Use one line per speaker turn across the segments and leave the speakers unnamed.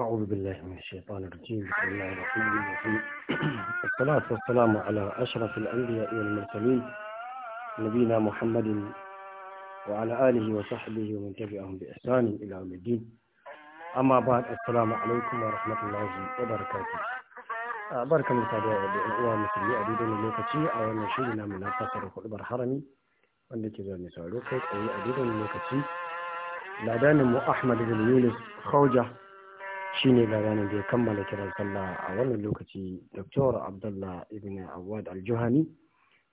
أعوذ بالله من الشيطان الرجيم بسم الله الرحمن الرحيم الصلاة والسلام على أشرف الأنبياء والمرسلين نبينا محمد وعلى آله وصحبه ومن تبعهم بإحسان إلى يوم الدين أما بعد السلام عليكم ورحمة الله وبركاته آه، بارك الله فيك uwa مثل a daidai أو نشيدنا من shiri namu حرمي fasar hudubar harami أو ke zuwa mai sauraro kai tsaye a daidai shine ga ranar da ya kammala kiran sallah a wannan lokaci Dr. Abdullah Ibn Awad al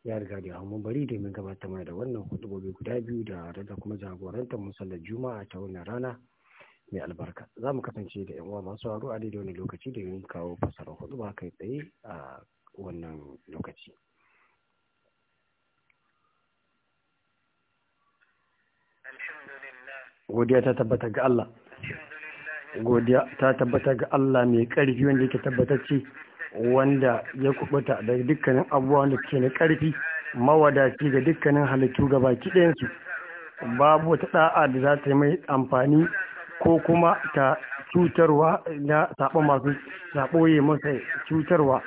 ya riga da hamun bari domin gabata mai da wannan gobe guda biyu da rada kuma jagorantar musallar juma'a ta wannan rana mai albarka za mu kasance da yan uwa masu haru a daidai wani lokaci da yin kawo fasarar hudu ba kai tsaye a wannan lokaci godiya ta tabbatar ga Allah godiya ta tabbata ga Allah mai ƙarfi wanda yake tabbatacci wanda ya kubuta da dukkanin abubuwan da ke na ƙarfi mawadaci ga dukkanin halittu gaba ɗayansu babu wata ɗa'a da za ta yi mai amfani ko kuma ta cutarwa na saɓa masu saɓo ya masa cutarwa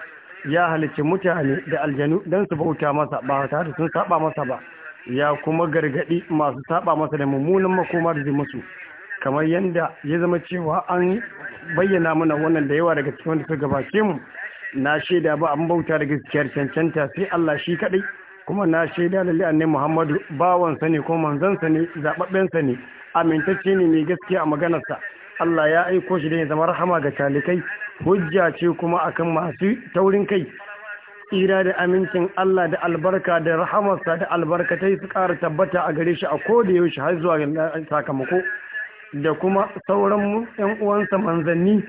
ya halicci mutane da aljanu don su bauta masa ba tare sun saɓa masa ba ya kuma gargaɗi masu saɓa masa da mummunan makoma da zai musu kamar yadda ya zama cewa an bayyana mana wannan da yawa daga cikin wanda suka gabace mu na shaida ba an bauta da gaskiyar cancanta sai Allah shi kadai kuma na shaida lalle annabi Muhammadu bawansa ne ko manzansa ne sa ne amintacce ne mai gaskiya a maganar sa Allah ya aiko shi da ya zama rahama ga talikai hujja ce kuma akan masu taurin kai tsira da amincin Allah da albarka da rahamarsa da albarkatai su ƙara tabbata a gare shi a koda yaushe har zuwa sakamako da kuma sauran ‘yan uwansa manzanni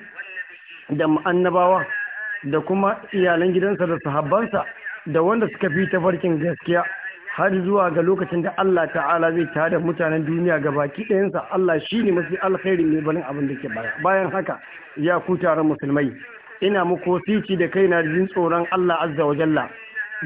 da annabawa da kuma iyalan gidansa da sahabbansa da wanda suka fi tafarkin gaskiya har zuwa ga lokacin da Allah ta'ala zai tada mutanen duniya ga baki ɗayansa Allah shi ne masu alkhairi mai barin abin da ke baya bayan haka ya ku taron musulmai ina muku wasici da kaina da jin tsoron Allah azza wa jalla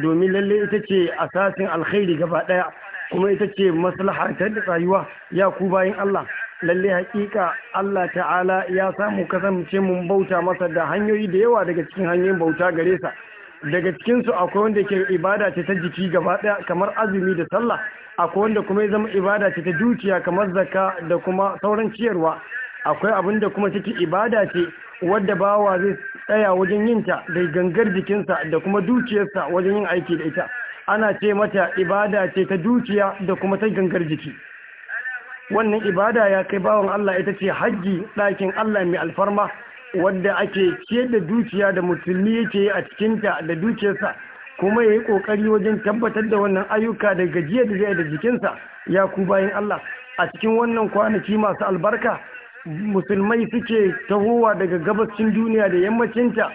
domin lalle ita ce asasin alkhairi gaba ɗaya kuma ita ce maslaha ta rayuwa ya ku bayan Allah lalle hakika Allah ta'ala ya samu kasance mun bauta masa da hanyoyi da yawa daga cikin hanyoyin bauta gare sa daga cikinsu akwai wanda ke ibada ce ta jiki gaba ɗaya kamar azumi da sallah akwai wanda kuma ya zama ibada ce ta dukiya kamar zakka da kuma sauran ciyarwa akwai abin da kuma take ibada ce wadda bawa zai tsaya wajen yin ta da gangar jikinsa da kuma dukiyarsa wajen yin aiki da ita ana ce mata ibada ce ta dukiya da kuma ta gangar jiki wannan ibada ya kai bawan Allah ita ce hajji ɗakin Allah mai alfarma wadda ake ciyar da dukiya da musulmi yake yi a cikinta da dukiyarsa kuma ya yi ƙoƙari wajen tabbatar da wannan ayyuka da gajiya da zai da jikinsa ya ku bayan Allah a cikin wannan kwanaki masu albarka musulmai suke tahowa daga gabashin duniya da yammacinta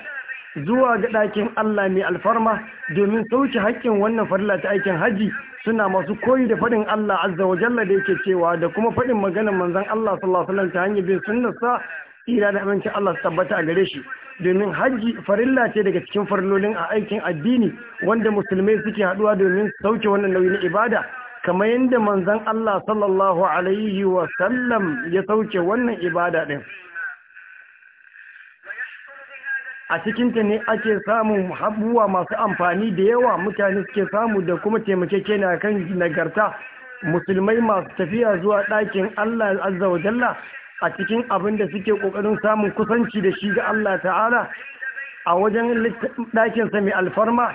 zuwa ga ɗakin Allah mai alfarma domin sauke haƙƙin wannan farilla ta aikin haji suna masu koyi da faɗin Allah azza wa jalla da yake cewa da kuma faɗin maganar manzon Allah sallallahu alaihi wasallam ta hanyar bin sunnarsa tsira da amincin Allah su tabbata a gare shi domin haji farilla ce daga cikin farillolin a aikin addini wanda musulmai suke haɗuwa domin sauke wannan nauyi ibada kamar yadda manzon Allah sallallahu alaihi wasallam ya sauke wannan ibada ɗin. a cikinta ne ake samun habuwa masu amfani da yawa mutane suke samu da kuma na kan nagarta musulmai masu tafiya zuwa ɗakin Allah azza wa jalla a cikin abin da suke ƙoƙarin samun kusanci da shi ga Allah ta'ala a wajen ɗakinsa mai alfarma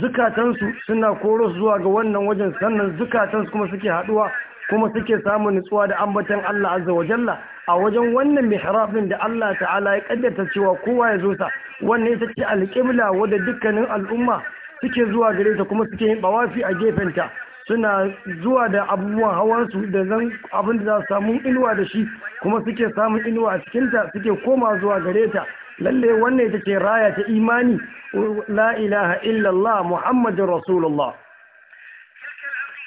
zukatansu suna koro zuwa ga wannan wajen sannan zukatansu kuma suke haɗuwa kuma suke samun nutsuwa da ambaton Allah azza wa jalla a wajen wannan mihrabin da Allah ta'ala ya kaddarta cewa kowa ya zo sa wannan ita ce alƙibla wadda dukkanin al'umma suke zuwa gare ta kuma suke yin bawafi a gefenta suna zuwa da abubuwan hawansu da zan abin da za su samu inuwa da shi kuma suke samun inuwa a cikinta suke koma zuwa gare ta lalle wannan ita ce raya ta imani la ilaha illallah muhammadin rasulullah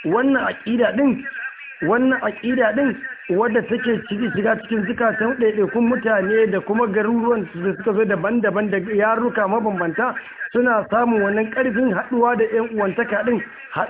wannan aƙida din wannan aƙida din wadda take ciki shiga cikin zukatan ɗaiɗaikun mutane da kuma garuruwan da suka zo daban-daban da yaruka mabambanta suna samun wannan ƙarfin haɗuwa da 'yan uwantaka ɗin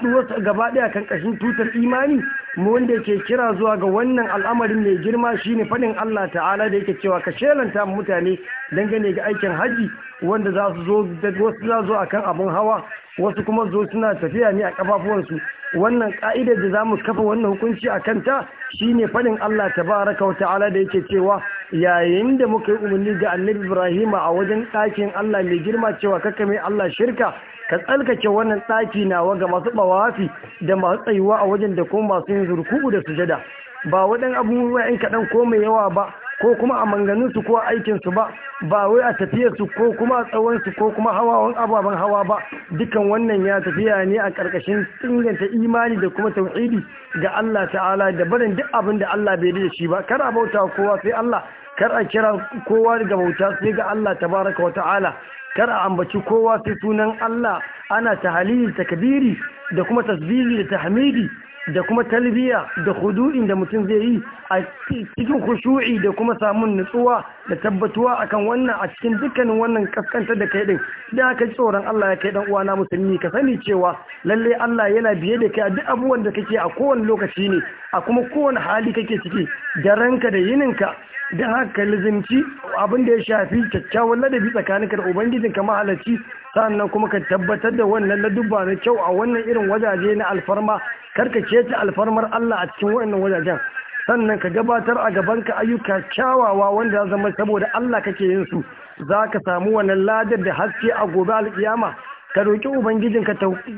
su gaba ɗaya kan ƙashin tutar imani mu wanda ke kira zuwa ga wannan al'amarin mai girma shine faɗin Allah ta'ala da yake cewa ka shelanta mutane dangane ga aikin hajji wanda za su zo da wasu za zo akan abin hawa wasu kuma zo suna tafiya ne a kafafuwansu wannan ka'idar da za mu kafa wannan hukunci a kanta shi ne faɗin Allah ta baraka wa ta'ala da yake cewa yayin da muka yi umarni ga Annabi Ibrahim a wajen ɗakin Allah mai girma cewa kaka mai Allah shirka ka tsalkace wannan ɗaki nawa ga masu bawafi da masu tsayuwa a wajen da kuma masu yin zurku'u da sujada ba waɗan abubuwa in kaɗan ko mai yawa ba ko kuma a manganinsu ko aikinsu ba ba wai a tafiyarsu ko kuma a tsawonsu ko kuma hawawan ababen hawa ba dukan wannan ya tafiya ne a ƙarƙashin inganta imani da kuma tauhidi ga Allah ta'ala da barin duk abin da Allah bai da shi ba kar a bauta kowa sai Allah kar a kira kowa daga bauta sai ga Allah tabaraka wa ta'ala kar a ambaci kowa sai sunan Allah ana tahalili takbiri da kuma tasbihi da tahmidi da kuma talbiya da hudu'in da mutum zai yi a cikin kushu'i da kuma samun nutsuwa da tabbatuwa akan wannan a cikin dukkanin wannan kaskanta da kai din da aka tsoron Allah ya kai dan uwana musulmi ka sani cewa lallai Allah yana biye da kai a duk abubuwan da kake a kowane lokaci ne a kuma kowane hali kake ciki da ranka da yininka don haka lizimci abin da ya shafi kyakkyawan ladabi tsakaninka da ubangijin kama halarci sannan kuma ka tabbatar da wannan ladubba na kyau a wannan irin wajaje na alfarma karka ce ta alfarmar Allah a cikin wannan wajajen sannan ka gabatar a gaban ka ayyuka kyawawa wanda ya zama saboda Allah kake yin su za ka samu wannan ladar da haske a gobe alkiyama ka roƙi ka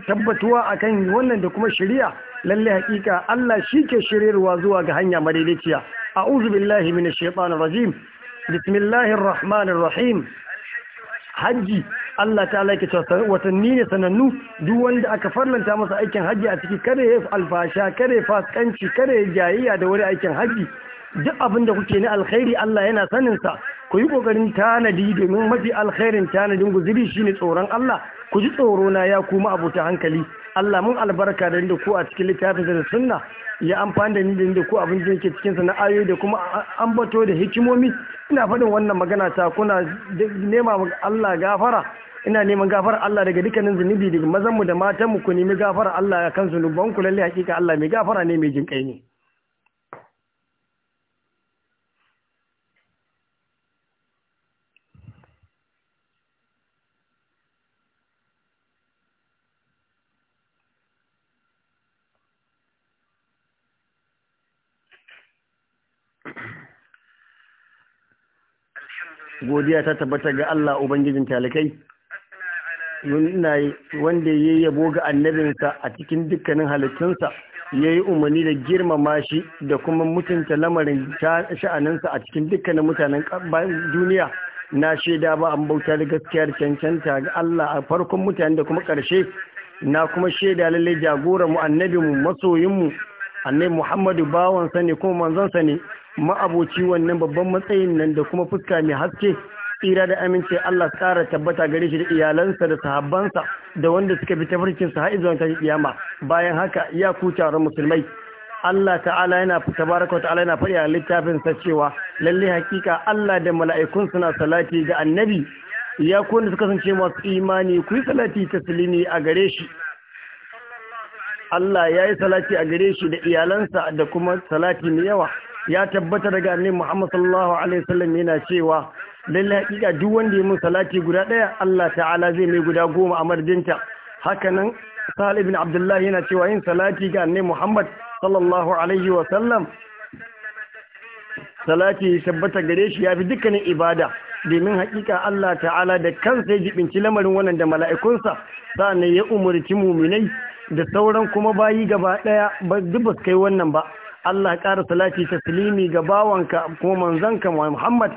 tabbatuwa akan wannan da kuma shari'a lalle hakika Allah shi ke shiryarwa zuwa ga hanya madaidaiciya أعوذ بالله من الشيطان الرجيم بسم الله الرحمن الرحيم hajji Allah ta laike watanni ne sanannu duk wanda aka farlanta masa aikin hajji a ciki kada ya alfasha kada ya faskanci kada ya jayayya da wani aikin hajji duk abin da kuke na alkhairi Allah yana sanin sa ku yi kokarin tanadi domin mafi alkhairin tanadin guziri shine tsoron Allah ku ji tsoro na ya kuma abuta hankali Allah mun albarka da da ku a cikin littafin da sunna ya amfani da ni da ku abin da yake cikin sana ayoyi da kuma an bato da hikimomi ina faɗin wannan magana ta kuna nema Allah gafara ina neman gafara Allah daga dukkanin zunubi daga mazanmu da matanmu ku nemi gafara Allah kan zunubanku lalle hakika Allah mai gafara ne mai jinƙai ne godiya ta tabbata ga Allah Ubangijin talikai wanda ya yabo ga annabinsa a cikin dukkanin halittunsa ya yi umarni da girmama shi da kuma mutunta lamarin sha'aninsa a cikin dukkanin mutanen duniya na shaida ba an bauta da gaskiyar cancanta ga Allah a farkon mutane da kuma ƙarshe na kuma shaida lallai mu, annabinmu masoyinmu annabi Muhammadu bawansa ne kuma manzonsa ne ma'aboci wannan babban matsayin nan da kuma fuska mai haske tsira da amince Allah tsara tabbata gare shi da iyalansa da sahabbansa da wanda suka fi tafarkin sa haizuwan kiyama bayan haka ya ku musulmai Allah ta'ala yana tabaraka ta'ala yana faɗi a littafin sa cewa lalle hakika Allah da mala'ikun suna salati ga annabi ya ku suka kasance masu imani ku yi salati taslimi a gare shi Allah ya yi salati a gare shi da iyalansa da kuma salati mai yawa ya tabbata daga annabi Muhammad sallallahu alaihi wasallam yana cewa lalle hakika duk wanda ya mun salati guda daya Allah ta'ala zai mai guda goma a madadinta hakanan Sahal ibn Abdullah yana cewa yin salati ga annabi Muhammad sallallahu alaihi wasallam salati tabbata gare shi yafi dukkanin ibada domin hakika Allah ta'ala da kansa ya jibinci lamarin wannan da mala'ikunsa sa'annan ya umurci muminai da sauran kuma bayi gaba daya ba duk kai wannan ba Allah ƙara salati taslimi ga bawanka kuma manzanka Muhammad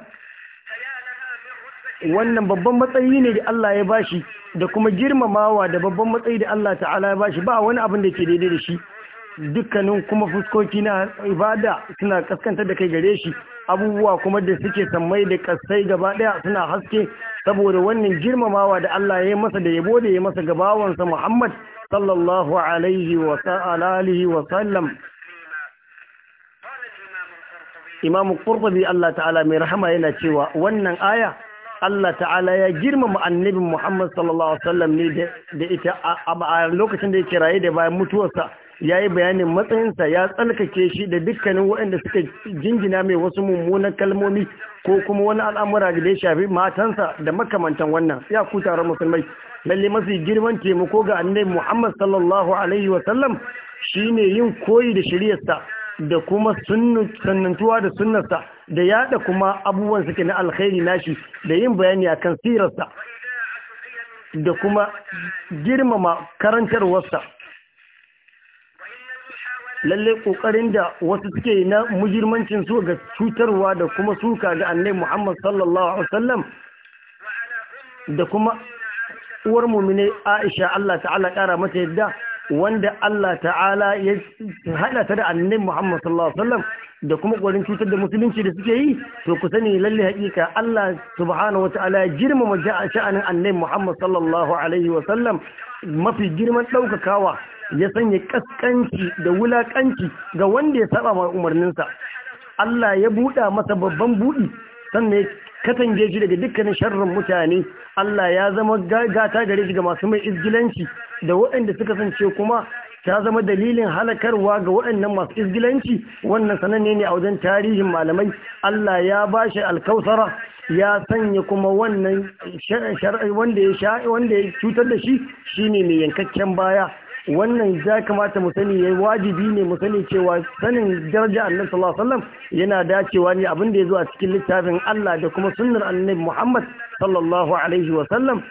wannan babban matsayi ne da Allah ya bashi da kuma girmamawa da babban matsayi da Allah ta'ala ya bashi ba wani abin da ke daidai da shi dukkanin kuma fuskoki na ibada suna kaskantar da kai gare shi abubuwa kuma da suke sammai da kasai gaba daya suna haske saboda wannan girmamawa da Allah ya yi masa da yabo da ya masa gabawansa Muhammad sallallahu alaihi wa sallam imam qurtubi Allah ta'ala mai rahama yana cewa wannan aya Allah ta'ala ya girmama annabi Muhammad sallallahu alaihi wasallam ne da ita a lokacin da yake raye da bayan mutuwarsa ya yi bayanin matsayinsa ya tsalkake shi da dukkanin waɗanda suka jingina mai wasu mummunan kalmomi ko kuma wani al'amura da ya shafi matansa da makamantan wannan ya ku taron musulmai lalle mafi girman taimako ga annabi Muhammad sallallahu alaihi wasallam shine yin koyi da shiriyarsa da kuma sunnantuwa da sunnarsa da yada kuma abubuwan suke na alkhairi nashi da yin bayani kan sirarsa da kuma girmama karantarwarsa lallai kokarin da wasu suke na mujirmancin su ga cutarwa da kuma suka ga annabi Muhammad sallallahu alaihi wasallam da kuma uwar mumine Aisha Allah ta'ala kara mata yadda wanda Allah ta'ala ya hada ta da annabi Muhammad sallallahu alaihi wasallam da kuma ƙwarin cutar da musulunci da suke yi to ku sani lalle hakika Allah subhanahu wataala ya girmama sha'anin annabi Muhammad sallallahu alaihi wasallam mafi girman ɗaukakawa ya sanya kaskanci da wulaƙanci ga wanda ya saba ma umarninsa Allah ya buɗa masa babban buɗi sannan ya katange shi daga dukkanin sharrin mutane Allah ya zama gata gare shi ga masu mai izgilanci da waɗanda suka sance kuma ta zama dalilin halakarwa ga waɗannan masu izgilanci wannan sananne ne a wajen tarihin malamai Allah ya ba shi alkausara ya sanya kuma wannan wanda ya cutar da shi shine mai yankakken baya wannan ya kamata mu sani ya wajibi ne mu sani cewa sanin daraja annabi sallallahu alaihi wasallam yana dacewa ne abin da ya zo a cikin littafin Allah da kuma sunnar annabi Muhammad sallallahu alaihi wasallam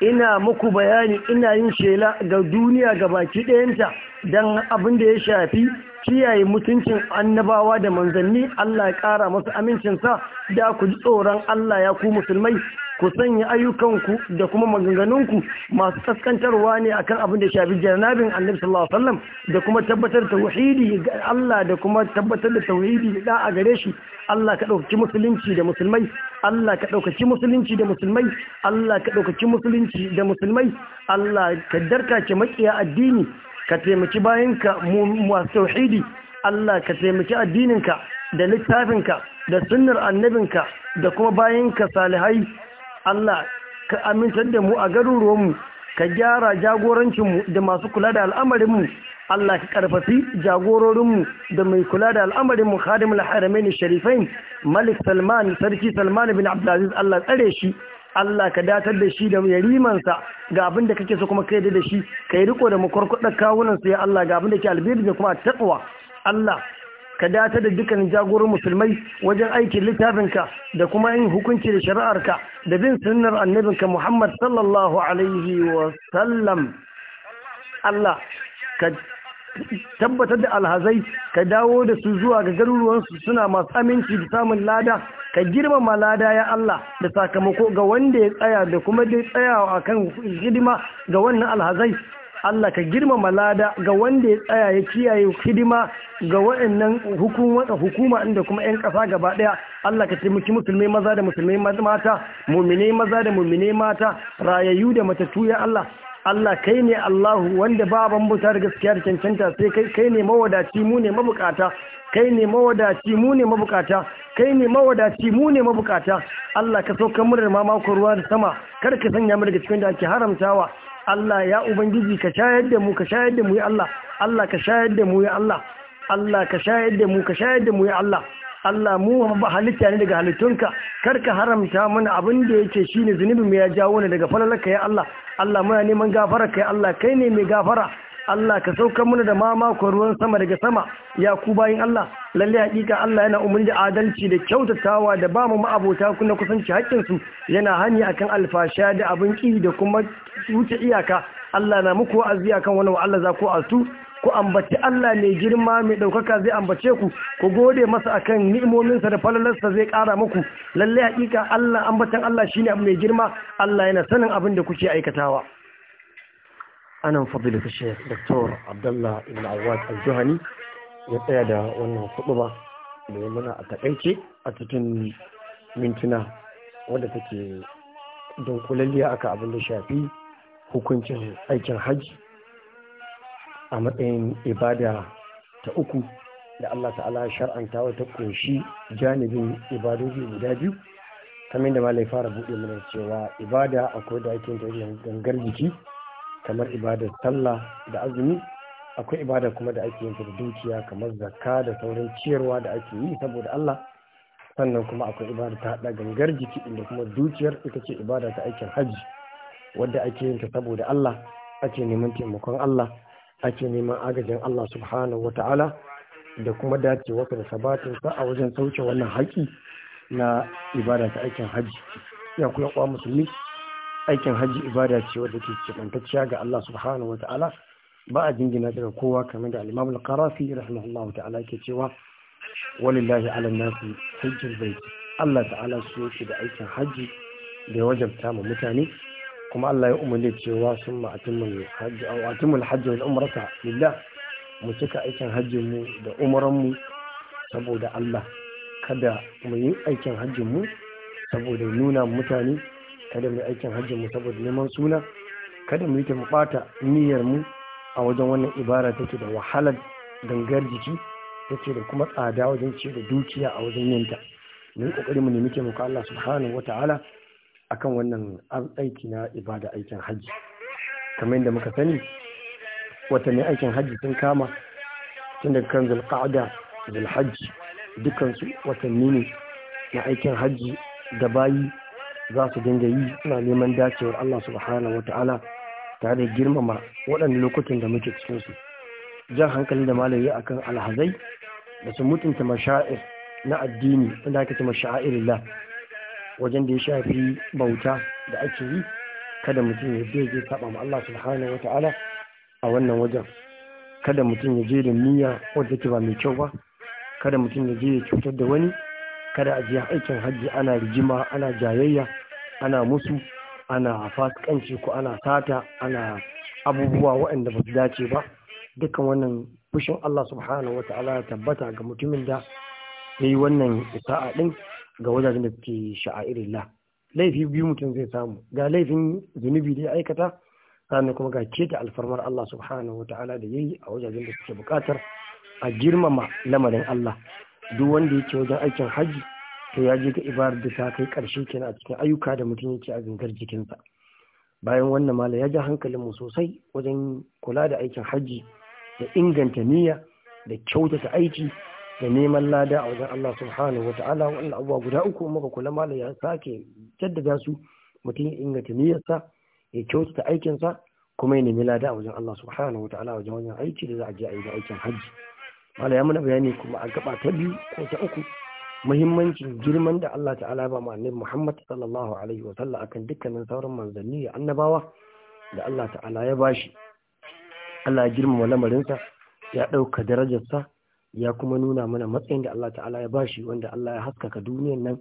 ina muku bayani ina yin shela ga duniya ga baki ɗayanta don abin da ya shafi kiyaye mutuncin annabawa da manzanni Allah ya ƙara masu amincinsa da ku ji tsoron Allah ya ku musulmai ku sanya ayyukanku da kuma maganganunku masu tsakantarwa ne akan abin da shafi janabin annabi sallallahu alaihi da kuma tabbatar tauhidi ga Allah da kuma tabbatar da tauhidi da a gare shi Allah ka dauki musulunci da musulmai Allah ka dauki musulunci da musulmai Allah ka dauki musulunci da musulmai Allah ka darkace makiya addini ka taimaki bayanka masu tauhidi Allah ka taimaki addininka da littafinka da sunnar annabinka da kuma bayanka salihai Allah ka amintar da mu a garuruwanmu ka gyara jagorancinmu da masu kula da al'amarinmu Allah ka karfafi jagororinmu da mai kula da al'amarinmu khadimul haramain sharifain malik salman sarki salman bin abdulaziz Allah tsare shi Allah ka datar da shi da yarimansa ga abin da kake so kuma kai da shi ka yi riko da makwarkwada kawunan su ya Allah ga abin da ke albiyar da kuma taqwa Allah ka datar da dukkan jagoran musulmai wajen aikin littafinka da kuma yin hukunci da shari'arka da bin sunnar annabinka Muhammad sallallahu alaihi wa sallam Allah ka tabbatar da alhazai ka dawo da su zuwa ga garuruwansu suna masu aminci da samun lada ka girmama lada ya Allah da sakamako ga wanda ya tsaya da kuma da tsayawa akan hidima ga wannan alhazai Allah ka girmama lada ga wanda ya tsaya ya kiyaye hidima ga waɗannan hukuma inda kuma 'yan ƙasa gaba ɗaya Allah ka taimaki musulmai maza da musulmai mata mummine maza da mummine mata rayayyu da matattu ya Allah Allah kai ne Allahu wanda ba bambuta da gaskiya da cancanta sai kai kai ne mawadaci mu ne mabukata kai ne mawadaci mu ne mabukata kai ne mawadaci mu ne mabukata Allah ka sauka mu da mamako ruwa da sama kar ka sanya mu daga cikin da ake haramtawa Allah ya ubangiji ka shayar da mu ka shayar da mu ya Allah Allah ka shayar da mu ya Allah Allah ka shayar da mu ka shayar da mu ya Allah Allah mu halitta ne daga halittunka kar ka haramta mana abin da yake shine zunubin mu ya jawo ne daga falalaka ya Allah Allah muna neman gafara kai Allah kai ne mai gafara Allah ka saukar mana da mamakon ruwan sama daga sama ya ku bayin Allah lalle hakika Allah yana umarni da adalci da kyautatawa da ba mu ma'abota kuna kusanci hakkin su yana hani akan alfasha da abin ki da kuma wuce iyaka Allah na muku wa'azi akan wannan Allah za ku asu ku ambaci Allah mai girma mai ɗaukaka zai ambace ku ku gode masa a kan ni'imominsa da falalarsa zai ƙara muku lalle haƙiƙa, Allah ambacin Allah shine abu mai girma Allah yana sanin abin da kuke aikatawa
anan fadilatu shaykh Dr. Abdullah Ibn Awad Al-Juhani ya tsaya da wannan ba, da ya muna a takaice a cikin mintuna wadda take dunkulalliya aka abin da shafi hukuncin aikin hajji a matsayin ibada ta uku da Allah ta'ala shar'anta ta ƙunshi janibin ibadoji guda biyu kamar da malai fara buɗe mana cewa ibada akwai da ake ta gangar jiki kamar ibada sallah da azumi akwai ibada kuma da ake yin ta dukiya kamar zakka da sauran ciyarwa da ake yi saboda Allah sannan kuma akwai ibada ta haɗa gangar jiki inda kuma dukiyar ita ce ibada ta aikin hajji wadda ake yin ta saboda Allah ake neman taimakon Allah ake neman agajin Allah subhanahu wa ta'ala da kuma dacewa da sabatinsa a wajen sauke wannan haƙi na ibada ta aikin hajji ya kuma kwa musulmi aikin hajji ibada ce wadda ke cikantacciya ga Allah subhanahu wa ta'ala ba a jingina daga kowa kamar da al-Imam al-Qarafi rahimahullahu ta'ala ke cewa walillahi ala nasi hajjul bait Allah ta'ala su yake da aikin hajji da ya wajabta ma mutane kuma Allah ya umarni cewa sun ma atimul hajji wal umrata lillah mu cika aikin hajjin mu da umaran mu saboda Allah kada mu yi aikin hajjin mu saboda nuna mutane kada mu yi aikin hajjin mu saboda neman suna kada mu yi ta bata niyyar mu a wajen wannan ibara take da wahalar gangar jiki take da kuma tsada wajen ce da dukiya a wajen yinta mu yi kokari mu nemi taimako Allah subhanahu wataala akan wannan aiki na ibada aikin hajji kamar yadda muka sani watanni aikin hajji sun kama tun daga kan zulqa'da zulhajji dukansu watanni ne na aikin hajji da bayi za su dinga yi suna neman dacewar Allah subhanahu wata'ala tare da girmama waɗannan lokutan da muke cikin su jan hankali da malayi akan alhazai da su mutunta masha'ir na addini inda aka ce masha'ir wajen da ya shafi bauta da ake yi kada mutum ya je zai saba ma Allah subhanahu ta'ala, a wannan wajen kada mutum ya je da niyya wadda ke ba mai kyau ba kada mutum ya je ya cutar da wani kada a je aikin hajji ana rigima ana jayayya ana musu ana fasikanci ko ana sata ana abubuwa waɗanda ba su dace ba dukkan wannan fushin Allah subhanahu ta'ala ya tabbata ga mutumin da ya yi wannan isa'a ɗin ga wajajen da suke la, laifi biyu mutum zai samu ga laifin zunubi da ya aikata sannan kuma ga keta alfarmar Allah subhanahu Ta'ala da yayi a wajajen da suke bukatar a girmama lamarin Allah duk wanda yake wajen aikin hajji to ya je ga ibarar da ta kai karshe kenan a cikin ayyuka da mutum yake a gangar jikinsa bayan wannan mala ya ja hankalin mu sosai wajen kula da aikin hajji da inganta niyya da kyautata aiki da neman lada a wajen Allah subhanahu wata'ala wannan abuwa guda uku muka kula malam ya sake jaddada su mutum ya inganta niyyarsa ya kyautata aikinsa kuma ya nemi lada a wajen Allah subhanahu wata'ala wajen wajen aiki da za a je a yi aikin hajji malam ya muna bayani kuma a gaba ta biyu ko ta uku muhimmancin girman da Allah ta'ala ba annabi Muhammad sallallahu alaihi wa sallam akan dukkanin sauran manzanni da annabawa da Allah ta'ala ya bashi Allah ya girmama lamarinsa ya ɗauka darajarsa ya kuma nuna mana matsayin da Allah ta'ala ya bashi wanda Allah ya haskaka duniyar nan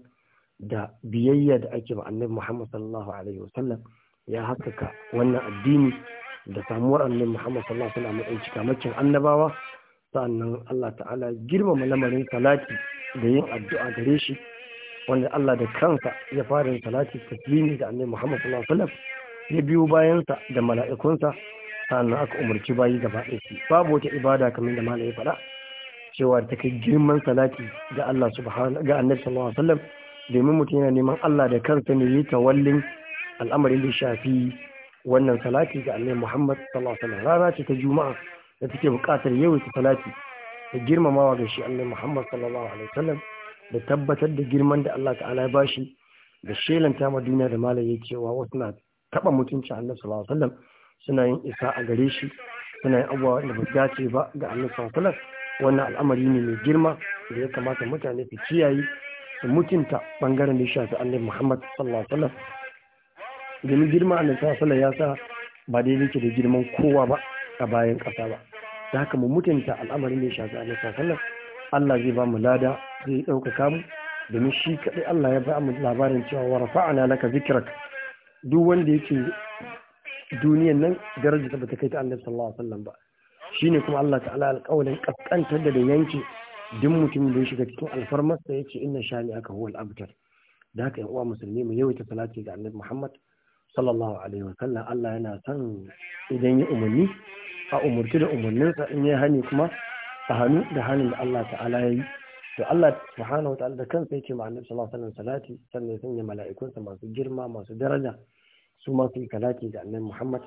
da biyayya da ake ma annabi Muhammad sallallahu alaihi wasallam ya haskaka wannan addini da samuwar annabi Muhammad sallallahu alaihi wasallam matsayin cikamakin annabawa sannan Allah ta'ala girmama lamarin salati da yin addu'a gare shi wanda Allah da kansa ya fara yin salati taslimi da annabi Muhammad sallallahu alaihi wasallam ya biyo bayansa da mala'ikunsa sannan aka umarci bayi gaba ɗaya babu wata ibada kamar da malai ya faɗa cewa ta kai girman salati ga Allah subhanahu ga annabi sallallahu alaihi wasallam domin mutum yana neman Allah da kansa ne yi tawallin al'amarin da shafi wannan salati ga annabi Muhammad sallallahu alaihi wasallam rana ce ta juma'a da take buƙatar ta salati da girmamawa ga shi annabi Muhammad sallallahu alaihi wasallam da tabbatar da girman da Allah ta'ala ya bashi da shelanta ma duniya da malam ya cewa wasu na taɓa mutuncin annabi sallallahu alaihi wasallam suna yin isa a gare shi suna yin abubuwa da ba dace ba ga Allah sallallahu alaihi wasallam wannan al'amari ne mai girma da ya kamata mutane su kiyaye su mutunta bangaren da shafi annabi Muhammad sallallahu alaihi wasallam domin girma annabi sallallahu alaihi ya sa ba daidai ke da girman kowa ba a bayan kasa ba da haka mu mutunta al'amarin da shafi annabi sallallahu alaihi wasallam Allah zai ba mu lada zai dauka mu domin shi kaɗai Allah ya ba mu labarin cewa wa rafa'ana laka zikrak duk wanda yake duniyan nan daraja ta bata kai ta annabi sallallahu alaihi wasallam ba shine kuma Allah ta'ala alƙawalin kaskantar da yanke duk mutum da ya shiga cikin alfarmarsa ya ce inna shani aka huwal al'abtar da haka uwa musulmi mu yawaita salati ga annabi Muhammad sallallahu alaihi wasallam Allah yana son idan ya umarni a umarci da umarninsa in ya hani kuma a hannu da hannun da Allah ta'ala ya yi to Allah subhanahu wa ta'ala da kansa yake ma annabi sallallahu alaihi wasallam salati sannan ya sanya mala'ikunsa masu girma masu daraja su ma su yi salati ga annabi Muhammad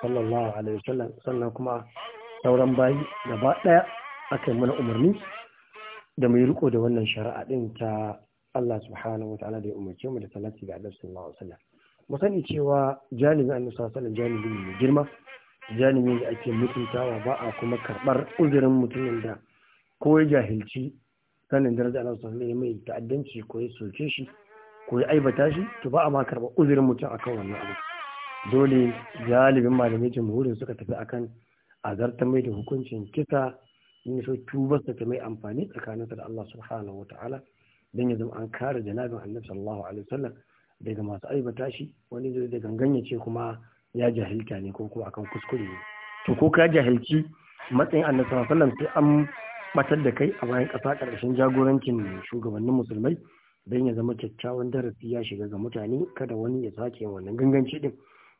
sallallahu alaihi wasallam sannan kuma sauran bayi gaba ɗaya aka yi mana umarni da mai riko da wannan shari'a ɗin ta Allah subhanahu wata'ala da ya umarce mu da salati ga Annabi sallallahu alaihi wasallam mu sani cewa jalibi annabi sallallahu alaihi wasallam mai girma jami'in da ake mutuntawa ba a kuma karɓar uzurin mutumin da ko ya jahilci sanin daraja Allah sallallahu alaihi mai ta'addanci ko ya soke shi ko ya aibata shi to ba a ma karɓar uzurin mutum akan wannan abu dole galibin malamai jamhurin suka tafi akan a zarta mai da hukuncin kisa in so tubarsa ta mai amfani tsakanin da Allah subhanahu ta'ala dan ya zama an kare janabin annabi sallallahu alaihi wasallam daga masu aibata shi wani zai da ganganya ce kuma ya jahilta ne ko kuma akan kuskure ne to ko ka jahilci matsayin annabi sallallahu alaihi wasallam sai an batar da kai a bayan kasa karshen jagorancin shugabannin musulmai don ya zama kyakkyawan darasi ya shiga ga mutane kada wani ya sake wannan ganganci din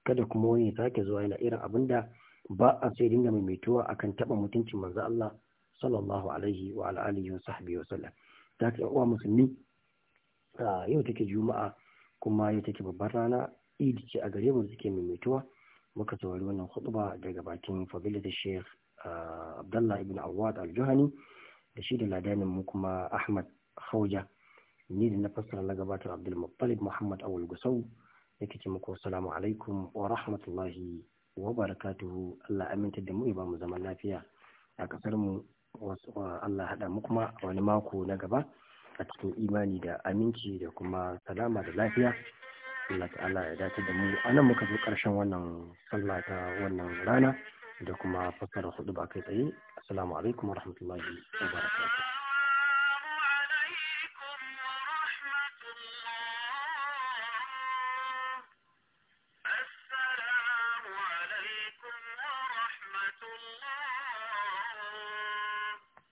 kada kuma wani ya sake zuwa yana irin abin da ba a sai dinga maimaituwa akan taba mutuncin manzo Allah sallallahu alaihi wa alihi wa sahbihi wa sallam ta ka uwa musulmi yau take juma'a kuma yau take babbar rana idi ce a gare mu suke maimaituwa muka saurari wannan khutba daga bakin da sheikh Abdullah ibn Awad al-Juhani da shi da ladanin mu kuma Ahmad Khawja ni da na fassara na gabatar Abdul Muhammad Awul Gusau yake ce muku assalamu alaikum wa rahmatullahi wa barakatuhu Allah aminta da mu ya bamu zaman lafiya a kasar mu Allah haɗa mu kuma wani mako na gaba a cikin imani da aminci da kuma salama da lafiya Allah ta'ala ya dace da mu anan muka zo karshen wannan sallah ta wannan rana da kuma fasara hudu ba kai tsaye assalamu alaikum warahmatullahi wabarakatuh